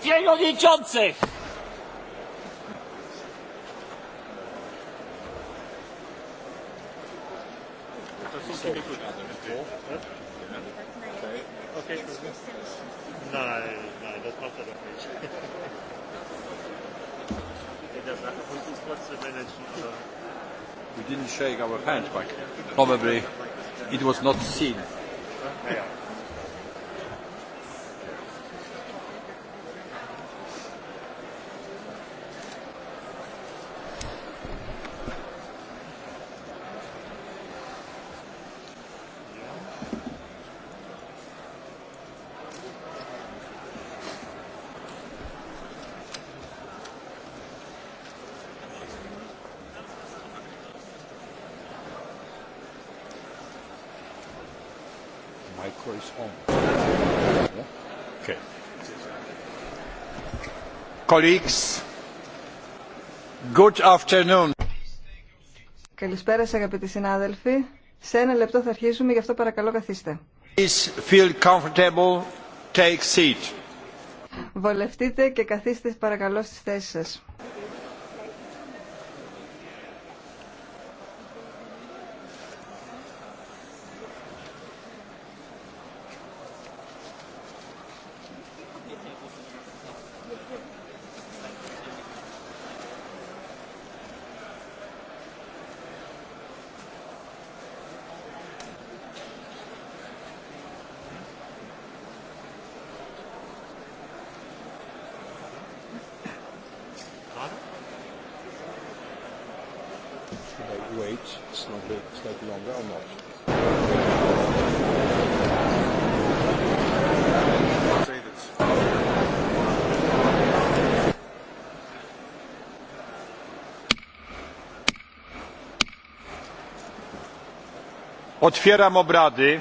przewodniczących! We didn't shake our hands, but probably it was not seen. micro is on. Okay. Colleagues, good afternoon. Καλησπέρα σας αγαπητοί συνάδελφοι. Σε ένα λεπτό θα αρχίσουμε, γι' αυτό παρακαλώ καθίστε. Please feel comfortable, take seat. Βολευτείτε και καθίστε παρακαλώ στις θέσεις σας. Should I wait slightly, slightly longer or Otwieram obrady.